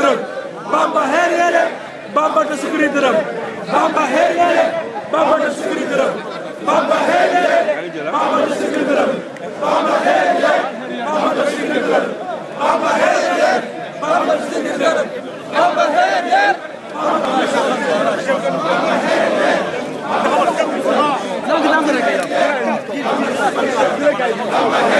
terug Bamba her yere Bamba da sukuri dërëm Bamba her yere Bamba da sukuri dërëm Bamba her yere Bamba da sukuri dërëm Bamba her yere Bamba da sukuri dërëm Bamba her yere Bamba da sukuri dërëm Bamba her yere Bamba da sukuri dërëm Bamba her yere Bamba da sukuri dërëm Bamba her yere Bamba da sukuri dërëm